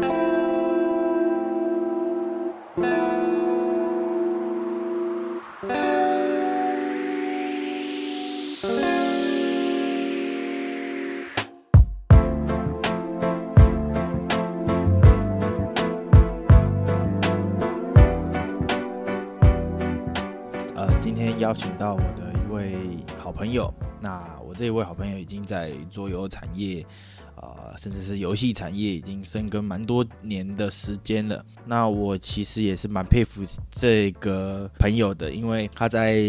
呃，今天邀請到我的一位好朋友。那我這一位好朋友已經在桌遊產業。啊，甚至是遊戲產業已經深耕蠻多年的時間了。那我其實也是蠻佩服這個朋友的，因為他在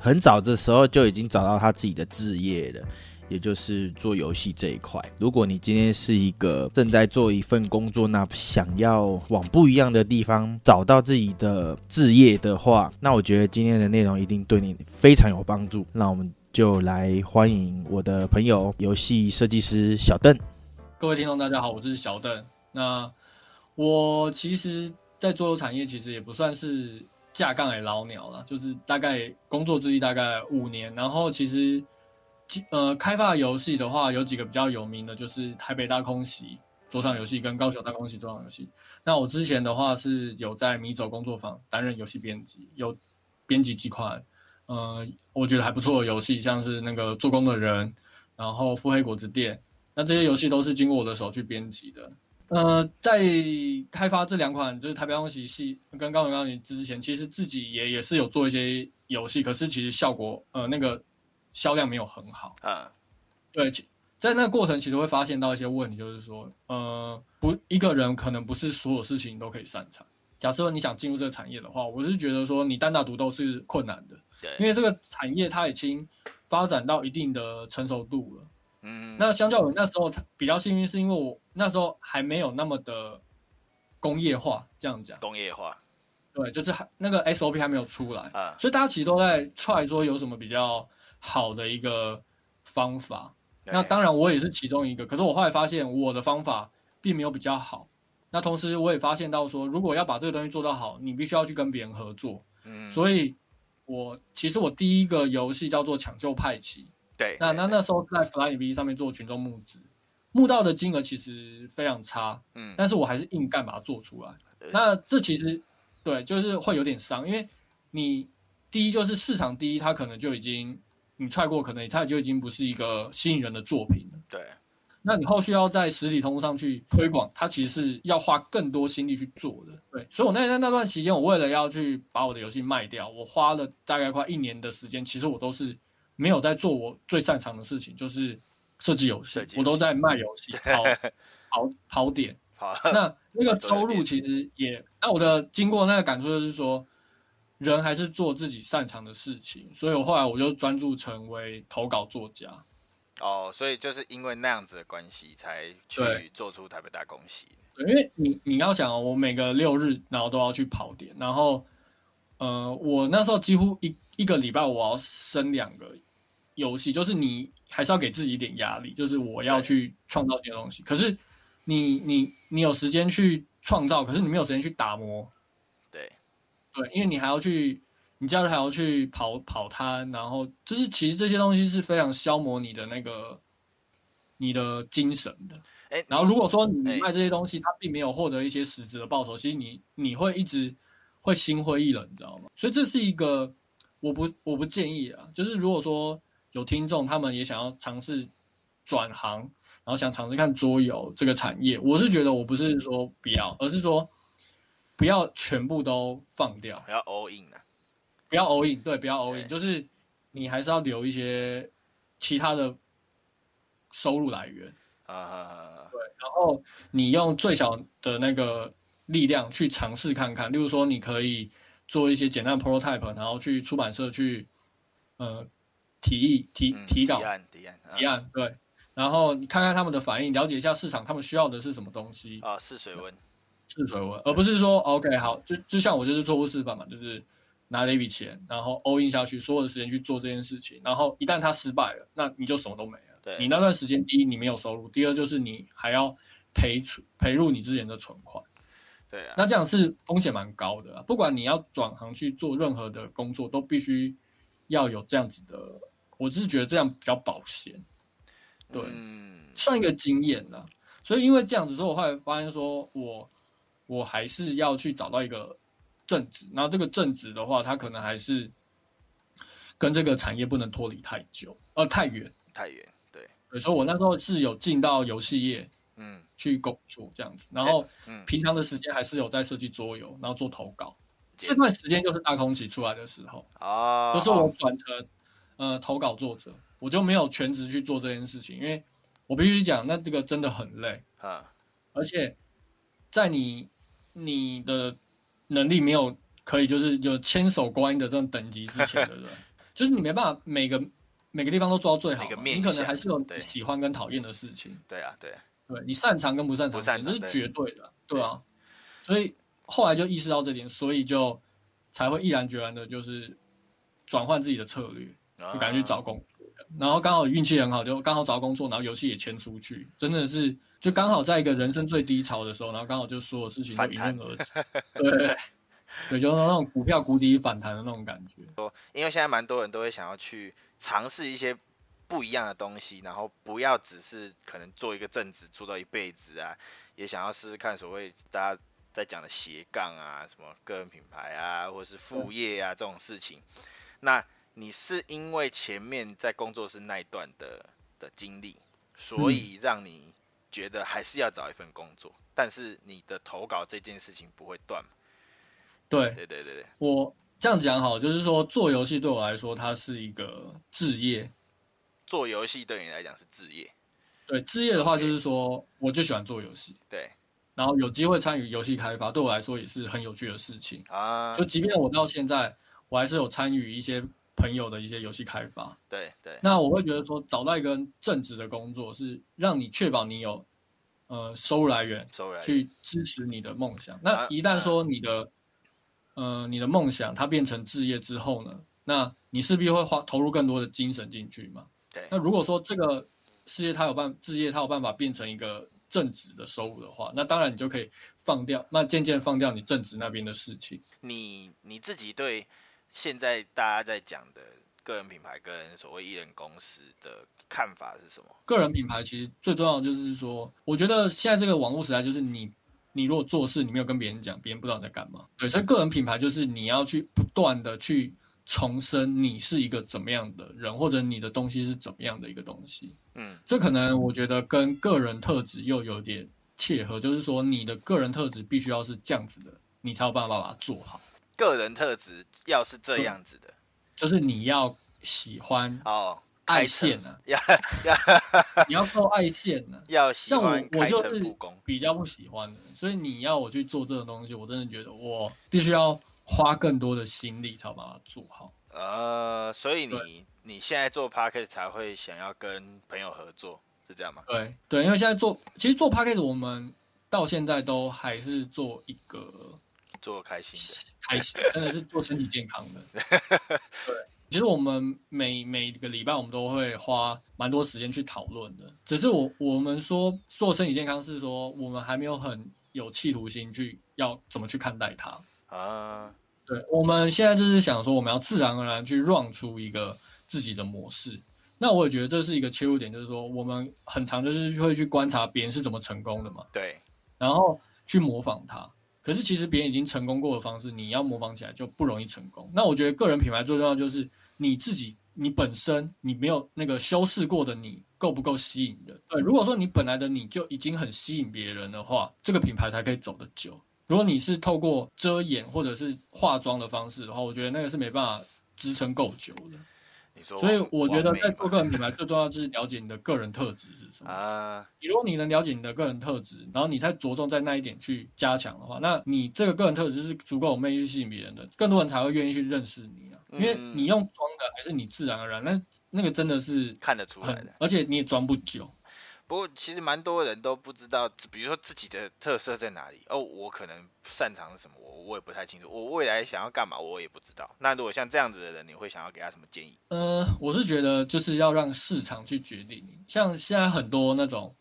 很早的時候就已經找到他自己的志業了，也就是做遊戲這一塊。如果你今天是一個正在做一份工作，那想要往不一樣的地方找到自己的志業的話，那我覺得今天的內容一定對你非常有幫助。那我們。就來歡迎我的朋友，遊戲設計師小鄧。各位聽眾，大家好，我是小鄧。那我其實，在桌遊產業其實也不算是架槓的老鳥了，就是大概工作資歷大概五年。然後其實，呃，開發遊戲的話，有幾個比較有名的，就是台北大空襲桌上遊戲跟高雄大空襲桌上遊戲。那我之前的話是有在迷走工作坊擔任遊戲編輯，有編輯幾款。呃，我覺得還不錯的遊戲，像是那個做工的人，然後腹黑菓子店，那這些遊戲都是經過我的手去編輯的。呃，在開發這兩款就是台北大空襲跟高雄高雄之前，其實自己也也是有做一些遊戲，可是其實效果呃那個銷量沒有很好啊。對，其在那個過程其實會發現到一些問題，就是說呃不一個人可能不是所有事情都可以擅長。假設你想進入這個產業的話，我是覺得說你單打獨鬥是困難的。對因為這個產業它已經發展到一定的成熟度了，嗯，嗯，那相較於那時候，比較幸運是因為我那時候還沒有那麼的工業化，這樣講。工業化，對，就是還那個 SOP 還沒有出來，啊，所以大家其實都在揣說有什麼比較好的一個方法。對那當然我也是其中一個，可是我後來發現我的方法並沒有比較好。那同時我也發現到說，如果要把這個東西做到好，你必須要去跟別人合作，嗯，所以。我其實我第一個遊戲叫做《搶救派奇》，對，那那那時候在 Flying V 上面做群眾募資，募到的金額其實非常差，嗯，但是我還是硬幹把它做出來。嗯，那這其實對，就是會有點傷，因為你第一就是市場第一，它可能就已經你踹過，可能它就已經不是一個吸引人的作品了，對。那你後續要在實體通路上去推廣，它其實是要花更多心力去做的。對，所以我那在那段期間，我為了要去把我的遊戲賣掉，我花了大概快一年的時間，其實我都是沒有在做我最擅長的事情，就是設計遊戲，我都在賣遊戲，好好好， 點 那那個收入其實也……那我的經過的那個感觸就是說，人還是做自己擅長的事情。所以我後來我就專注成為投稿作家。哦，oh, 所以就是因為那樣子的關係，才去做出台北大空襲。對，因為你你要想哦，我每個六日然後都要去跑點，然後，呃，我那時候幾乎一一個禮拜我要生兩個遊戲，就是你還是要給自己一點壓力，就是我要去創造這些東西。對可是你，你你你有時間去創造，可是你沒有時間去打磨。對，對，因為你還要去。你家人還要去跑跑攤，然後就是其實這些東西是非常消磨你的那個你的精神的。欸、然後如果說你賣這些東西，欸、它並沒有獲得一些實質的報酬，其實你你會一直會心灰意冷，你知道嗎？所以這是一個我不我不建議啊。就是如果說有聽眾他們也想要嘗試轉行，然後想嘗試看桌遊這個產業，我是覺得我不是說不要，而是說不要全部都放掉，要 all in 啊。不要 all in 對，不要 all in Okay. 就是你還是要留一些其他的收入來源啊。Uh、對，然後你用最小的那個力量去嘗試看看，例如說你可以做一些簡單 prototype，然後去出版社去，呃，提議提提稿、嗯、提案提案，提案、嗯、對，然後你看看他們的反應，了解一下市場他們需要的是什麼東西啊、uh,？試水溫，試水溫，而不是說 OK 好，就就像我就是錯誤示範嘛，就是。拿了一筆錢，然後 all in 下去，所有的時間去做這件事情，然後一旦它失敗了，那你就什麼都沒了。對你那段時間，第一你沒有收入，對第二就是你還要賠賠入你之前的存款。對啊，那這樣是風險蠻高的、啊。不管你要轉行去做任何的工作，都必須要有這樣子的，我只是覺得這樣比較保險。對，嗯、算一個經驗了。所以因為這樣子，說我後來發現說我我還是要去找到一個。正職，然後這個正職的話，它可能還是跟這個產業不能脫離太久，呃，太遠，太遠。對，對，所以，我那時候是有進到遊戲業，嗯，去工作、嗯、這樣子，然後，平常的時間還是有在設計桌遊，然後做投稿。嗯、這段時間就是大空襲出來的時候啊，解就是我轉成、哦、呃投稿作者，我就沒有全職去做這件事情，因為我必須講，那這個真的很累啊，嗯、而且在你你的。能力沒有可以就是有千手觀音的這種等級之前的，人，對吧。？ 就是你沒辦法每個 每個地方都做到最好，你可能還是有喜歡跟討厭的事情對。對啊，對啊，對你擅長跟不擅長，擅長這是絕對的，對，對啊。所以後來就意識到這點，所以就才會毅然決然的，就是轉換自己的策略，就趕緊去找工。啊啊然後剛好運氣很好，就剛好找工作，然後遊戲也遷出去，真的是就剛好在一個人生最低潮的時候，然後剛好就所有事情迎刃而解。翻彈 對，對，就是那種股票谷底反彈的那種感覺。多，因為現在蠻多人都會想要去嘗試一些不一樣的東西，然後不要只是可能做一個正職做到一輩子啊，也想要試試看所謂大家在講的斜槓啊，什麼個人品牌啊，或者是副業啊、嗯、這種事情。那你是因為前面在工作室那一段的的經歷，所以讓你覺得還是要找一份工作，嗯、但是你的投稿這件事情不會斷嗎？對對對對對，我這樣講好，就是說做遊戲對我來說它是一個志業，做遊戲對你來講是志業，對志業的話就是說我就喜歡做遊戲，對，然後有機會參與遊戲開發，對我來說也是很有趣的事情啊，就即便我到現在我還是有參與一些。朋友的一些遊戲開發，對對。對那我會覺得說，找到一個正職的工作，是讓你確保你有，呃，收入來源，來源去支持你的夢想。啊、那一旦說你的，啊、呃，你的夢想它變成職業之後呢，那你勢必會花投入更多的精神進去嘛。對。那如果說這個事業它有辦，職業它有辦法變成一個正職的收入的話，那當然你就可以放掉，那漸漸放掉你正職那邊的事情。你你自己對？現在大家在講的個人品牌跟所謂一人公司的看法是什麼？個人品牌其實最重要的就是說，我覺得現在這個網絡時代，就是你，你如果做事，你沒有跟別人講，別人不知道你在幹嘛。對，所以個人品牌就是你要去不斷的去重申，你是一個怎麼樣的人，或者你的東西是怎麼樣的一個東西。嗯，這可能我覺得跟個人特質又有點契合，就是說你的個人特質必須要是這樣子的，你才有辦法把它做好。個人特質要是這樣子的，就是你要喜歡、啊、哦，愛現 你要做愛現像、啊、要喜歡開誠布公，我我就是比較不喜歡，所以你要我去做這個東西，我真的覺得我必須要花更多的心力才把它做好。呃，所以你對你現在做 Podcast 才會想要跟朋友合作，是這樣嗎？對對，因為現在做其實做 Podcast 我們到現在都還是做一個。做開心，開心，真的是做身體健康的。 對，其實我們每每個禮拜我們都會花蠻多時間去討論的。只是我我們說做身體健康，是說我們還沒有很有企圖心去要怎麼去看待它啊。對，我們現在就是想說，我們要自然而然去 run 出一個自己的模式。那我也覺得這是一個切入點，就是說我們很常就是會去觀察別人是怎麼成功的嘛。對，然後去模仿他。可是其實別人已經成功過的方式，你要模仿起來就不容易成功。那我覺得個人品牌最重要就是你自己，你本身你沒有那個修飾過的，你夠不夠吸引人？呃，如果說你本來的你就已經很吸引別人的話，這個品牌才可以走得久。如果你是透過遮掩或者是化妝的方式的話，我覺得那個是沒辦法支撐夠久的。你說，所以我覺得在做個人品牌，最重要就是了解你的個人特質是什麼。啊、uh，如果你能了解你的個人特質，然後你再着重在那一點去加強的話，那你這個個人特質是足夠有魅力去吸引別人的，更多人才會願意去認識你啊。嗯、因為你用裝的，還是你自然而然，那那個真的是看得出來的，而且你也裝不久。不過其實蠻多人都不知道，比如說自己的特色在哪裡哦。我可能擅長什麼，我我也不太清楚。我未來想要幹嘛，我也不知道。那如果像這樣子的人，你會想要給他什麼建議？呃，我是覺得就是要讓市場去決定。像現在很多那種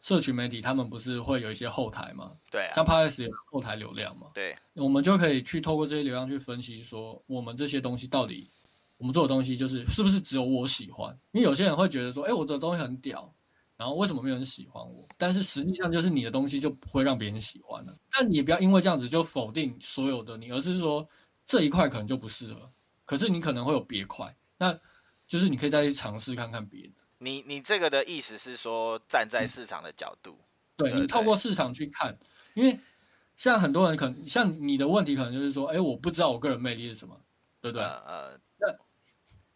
社群媒體，他們不是會有一些後台嘛？對啊。像 Pais 有後台流量嘛？對。我們就可以去透過這些流量去分析，說我們這些東西到底，我們做的東西就是是不是只有我喜歡？因為有些人會覺得說，哎，我的東西很屌。然後為什麼沒有人喜歡我？但是實際上就是你的東西就不會讓別人喜歡了。但你也不要因為這樣子就否定所有的你，而是說這一塊可能就不適合。可是你可能會有別塊，那就是你可以再去嘗試看看別的。你你這個的意思是說站在市場的角度，嗯、對，對，對，你透過市場去看，因為像很多人可能像你的問題可能就是說，哎，我不知道我個人魅力是什麼，對不對？呃，那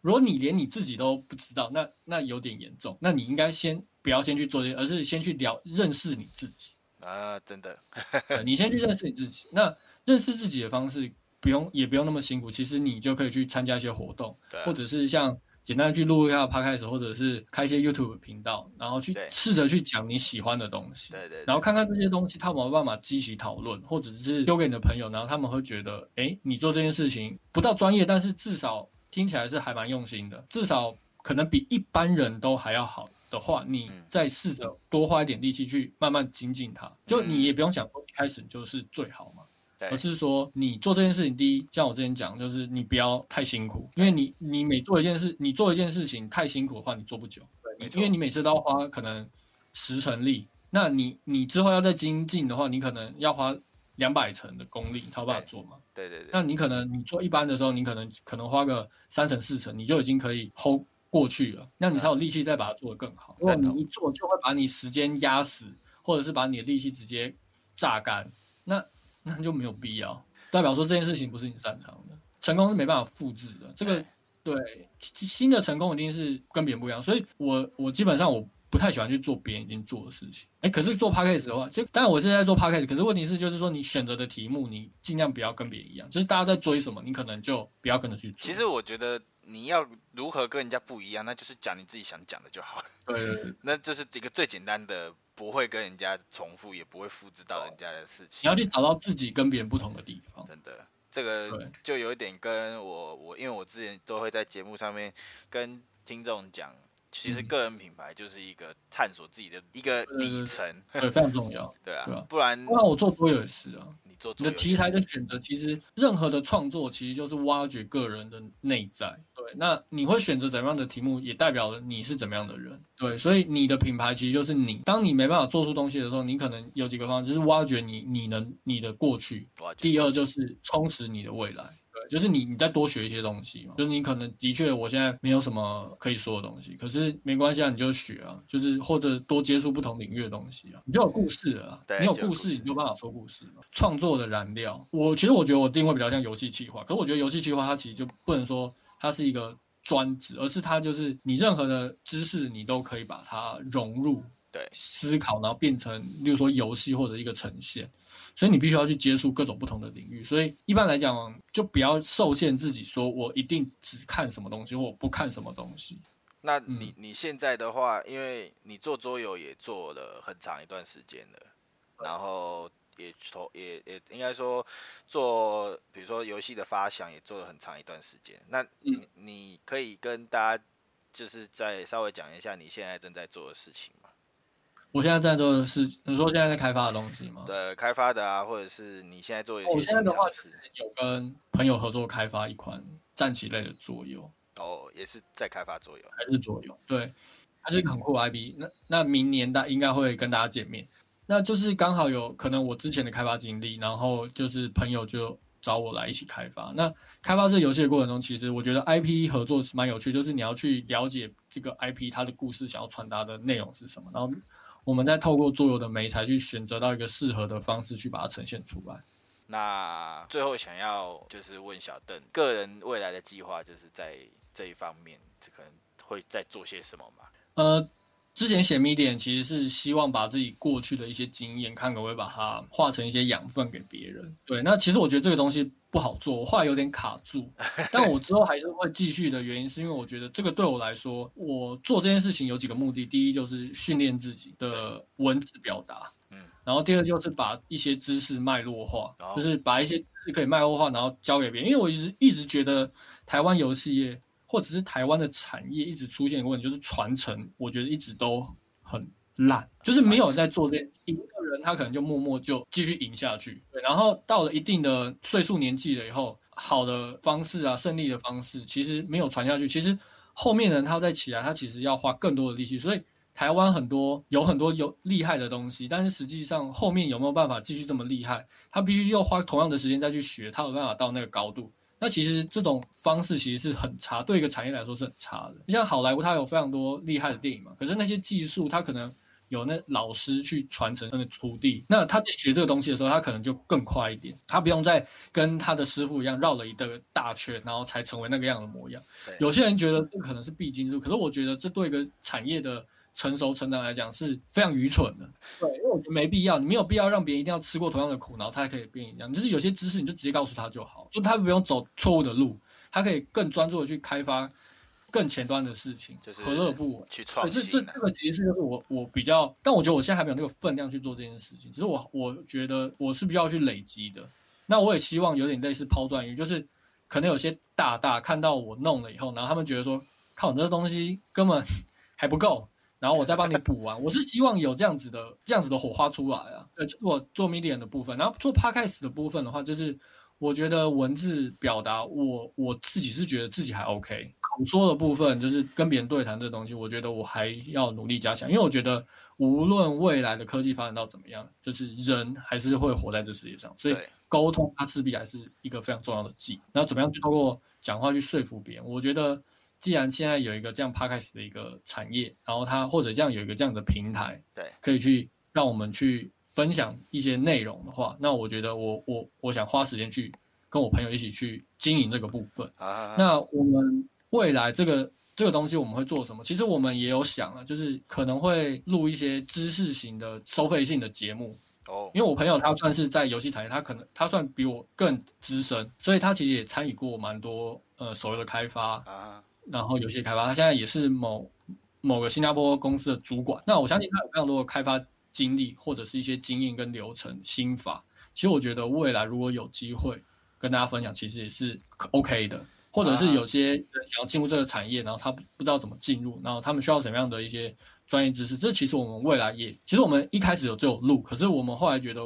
如果你連你自己都不知道，那那有點嚴重。那你應該先。不要先去做這些，而是先去聊認識你自己啊！真的， 你先去認識你自己。那認識自己的方式，不用也不用那麼辛苦。其實你就可以去參加一些活動，對啊、或者是像簡單的去錄一下 Podcast，或者是開一些 YouTube 頻道，然後去試着去講你喜歡的東西。對對。然後看看這些東西，對對對對他們有沒有辦法激起討論，或者是丟給你的朋友，然後他們會覺得：哎、欸，你做這件事情不到專業，嗯、但是至少聽起來是還蠻用心的，至少可能比一般人都還要好。的話，你再試着多花一點力氣去慢慢精進它。嗯、就你也不用想說一開始就是最好嘛，對而是說你做這件事情，第一，像我之前講，就是你不要太辛苦，對因為你你每做一件事，你做一件事情太辛苦的話，你做不久。對，沒錯。因為你每次都要花可能十成力，那你你之後要再精進的話，你可能要花兩百成的功力你才有辦法做嘛對。對對對。那你可能你做一般的時候，你可能可能花個三成四成，你就已經可以 hold。過去了，那你才有力氣再把它做得更好。嗯、如果你一做就會把你時間壓死，或者是把你的力氣直接榨乾，那那就沒有必要，代表說這件事情不是你擅長的。成功是沒辦法複製的。嗯、這個，對，新的成功一定是跟別人不一樣。所以我我基本上我不太喜歡去做別人已經做的事情。哎，可是做 podcast 的話，就當然我現在做 podcast，可是問題是就是說你選擇的題目，你儘量不要跟別人一樣。就是大家在追什麼，你可能就不要跟着去做。其實我覺得。你要如何跟人家不一樣？那就是講你自己想講的就好了。對，對，對，那這是一個最簡單的，不會跟人家重複，也不會複製到人家的事情。你要去找到自己跟別人不同的地方。真的，這個就有一點跟我，我因為我之前都會在節目上面跟聽眾講，其實個人品牌就是一個探索自己的一個里程，對，對，對，對，非常重要， 對啊，對啊，不然不然我做多也是啊，你做多有你的題材的選擇，其實任何的創作其實就是挖掘個人的內在。那你會選擇怎麼樣的題目，也代表了你是怎麼樣的人，對，所以你的品牌其實就是你。當你沒辦法做出東西的時候，你可能有幾個方向，就是挖掘你你能你的過去；第二就是充實你的未來，對，就是你你再多學一些東西嘛。就是你可能的確我現在沒有什麼可以說的東西，可是沒關係啊，你就學啊，就是或者多接觸不同領域的東西啊，你就有故事啊，對，你有故事，你就有辦法說故事嘛。創作的燃料，我其實我覺得我定位比較像遊戲企劃，可是我覺得遊戲企劃它其實就不能說。它是一個專職，而是它就是你任何的知識，你都可以把它融入對思考，然後變成，比如說遊戲或者一個呈現。所以你必須要去接觸各種不同的領域。所以一般來講，就不要受限自己，說我一定只看什麼東西，或我不看什麼東西。那你、嗯、你現在的話，因為你做桌遊也做了很長一段時間了，嗯、然後。也投也也應該說做，比如說遊戲的發想，也做了很長一段時間。那你、嗯、你可以跟大家就是再稍微講一下你現在正在做的事情嗎？我現在在做的事，你說現在在開發的東西嗎、嗯？對，開發的啊，或者是你現在做一些事？我現在的話是有跟朋友合作開發一款戰棋類的桌遊。哦，也是在開發桌遊，還是桌遊？對，還是很酷的 IP、嗯、那那明年大應該會跟大家見面。那就是剛好有可能我之前的開發經歷，然後就是朋友就找我來一起開發。那開發這個遊戲的過程中，其實我覺得 IP 合作是蠻有趣，就是你要去了解這個 IP 它的故事想要傳達的內容是什麼，然後我們再透過桌遊的媒材去選擇到一個適合的方式去把它呈現出來。那最後想要就是問小鄧個人未來的計劃，就是在這一方面這可能會再做些什麼嗎？呃。之前寫 Medium 其實是希望把自己過去的一些經驗，看可不可以把它化成一些養分給別人。對，那其實我覺得這個東西不好做，我畫有點卡住，但我之後還是會繼續的原因，是因為我覺得這個對我來說，我做這件事情有幾個目的：第一就是訓練自己的文字表達，然後第二就是把一些知識脈絡化，就是把一些知識可以脈絡化，然後教給別人。因為我一直一直覺得台灣遊戲業。或者是台灣的產業一直出現的問題，就是傳承，我覺得一直都很爛，就是沒有在做這一個人，他可能就默默就繼續贏下去。對，然後到了一定的歲數年紀了以後，好的方式啊，勝利的方式，其實沒有傳下去。其實後面人他再起來，他其實要花更多的力氣。所以台灣很多有很多有厲害的東西，但是實際上後面有沒有辦法繼續這麼厲害？他必須要花同樣的時間再去學，他有辦法到那個高度。那其實這種方式其實是很差，對一個產業來說是很差的。你像好萊塢，它有非常多厲害的電影嘛，可是那些技術，他可能有那老師去傳承他的徒弟，那他在學這個東西的時候，他可能就更快一點，他不用再跟他的師傅一樣繞了一個大圈，然後才成為那個樣的模樣。有些人覺得這可能是必經之路，可是我覺得這對一個產業的。成熟成長來講是非常愚蠢的，對，因為我覺得沒必要，你沒有必要讓別人一定要吃過同樣的苦，然後他才可以變一樣。就是有些知識，你就直接告訴他就好，就他不用走錯誤的路，他可以更專注的去開發更前端的事情。何樂不為去創新、啊可這？這這個其實是就是我我比較，但我覺得我現在還沒有那個分量去做這件事情。只是我我覺得我是比較去累積的。那我也希望有點類似拋磚引玉，就是可能有些大大看到我弄了以後，然後他們覺得說，靠，你這個東西根本還不夠。 然後我再幫你補完。我是希望有這樣子的、這樣子的火花出來啊。對，就是我做 Medium 的部分，然後做 podcast 的部分的話，就是我覺得文字表達我，我我自己是覺得自己還 OK。口說的部分，就是跟別人對談這東西，我覺得我還要努力加強。因為我覺得無論未來的科技發展到怎麼樣，就是人還是會活在這世界上，所以溝通它勢必還是一個非常重要的技。對然後怎麼樣去透過講話去說服別人？我覺得。.既然現在有一個這樣 podcast 的一個產業，然後它或者這樣有一個這樣的平台，對可以去讓我們去分享一些內容的話，那我覺得我我我想花時間去跟我朋友一起去經營這個部分啊，啊，啊。那我們未來這個這個東西我們會做什麼？其實我們也有想了，就是可能會錄一些知識型的收費性的節目、哦、因為我朋友他算是在遊戲產業，他可能他算比我更資深，所以他其實也參與過蠻多呃手遊的開發啊，啊。然後有些開發，他現在也是某某個新加坡公司的主管。那我相信他有非常多的開發經歷，或者是一些經驗跟流程心法。其實我覺得未來如果有機會跟大家分享，其實也是 OK 的。或者是有些人想要進入這個產業，啊、然後他不知道怎麼進入，然後他們需要什麼樣的一些專業知識。這其實我們未來也，其實我們一開始有這種路，可是我們後來覺得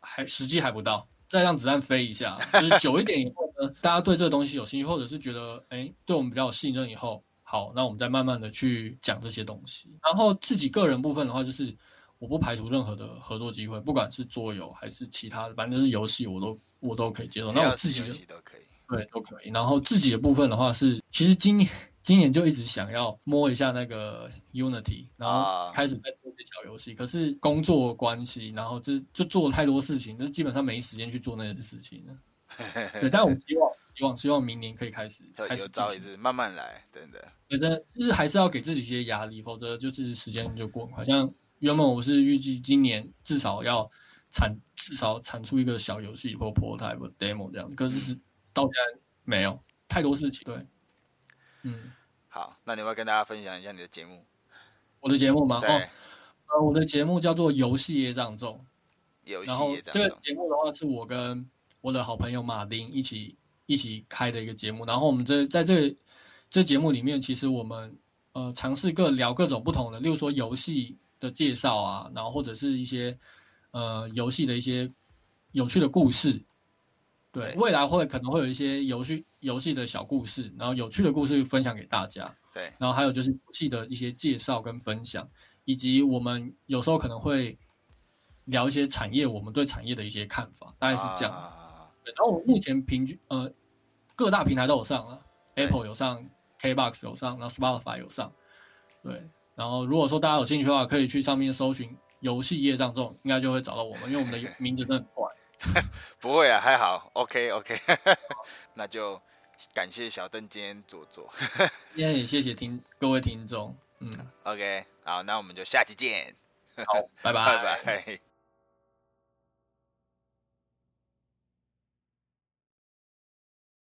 還時機還不到，再讓子彈飛一下，就是久一點以後。 大家對這個東西有興趣，或者是覺得哎，對我們比較有信任以後，好，那我們再慢慢的去講這些東西。然後自己個人部分的話，就是我不排除任何的合作機會，不管是桌遊還是其他的，反正是遊戲，我都我都可以接受。那有我自己都可以，對都可以。然後自己的部分的話是，其實今年今年就一直想要摸一下那個 Unity，然後開始在做一些小遊戲。可是工作關係，然後這就，就做太多事情，就基本上沒時間去做那些事情 對，但我希望，希望，希望明年可以開始，開始。招也是，慢慢來，對，對，對的。覺得就是還是要給自己一些壓力，否則就是時間就過。好像原本我是預計今年至少要產，至少產出一個小遊戲或 prototype demo 這樣，可是、嗯、到現在沒有太多事情。對，嗯。好，那你會跟大家分享一下你的節目。我的節目嗎？對、哦。呃，我的節目叫做《遊戲業障重》，然後這個節目的話，是我跟。我的好朋友馬丁一起一起開的一個節目，然後我們這在這這節目裡面，其實我們呃嘗試各聊各種不同的，例如說遊戲的介紹啊，然後或者是一些呃遊戲的一些有趣的故事，對，對未來會可能會有一些遊戲遊戲的小故事，然後有趣的故事分享給大家。對，然後還有就是遊戲的一些介紹跟分享，以及我們有時候可能會聊一些產業，我們對產業的一些看法，大概是這樣。啊然後我們目前平均呃，各大平台都有上了、啊嗯、，Apple 有上，KBox 有上，然後 Spotify 有上，對。然後如果說大家有興趣的話，可以去上面搜尋遊戲業障重，應該就會找到我們，因為我們的名字都很怪。 不會啊，還好。OK OK， 那就感謝小鄧今天做做。今 天、yeah, 也謝謝聽各位聽眾，嗯，OK，好，那我們就下期見。 好，拜拜 拜拜。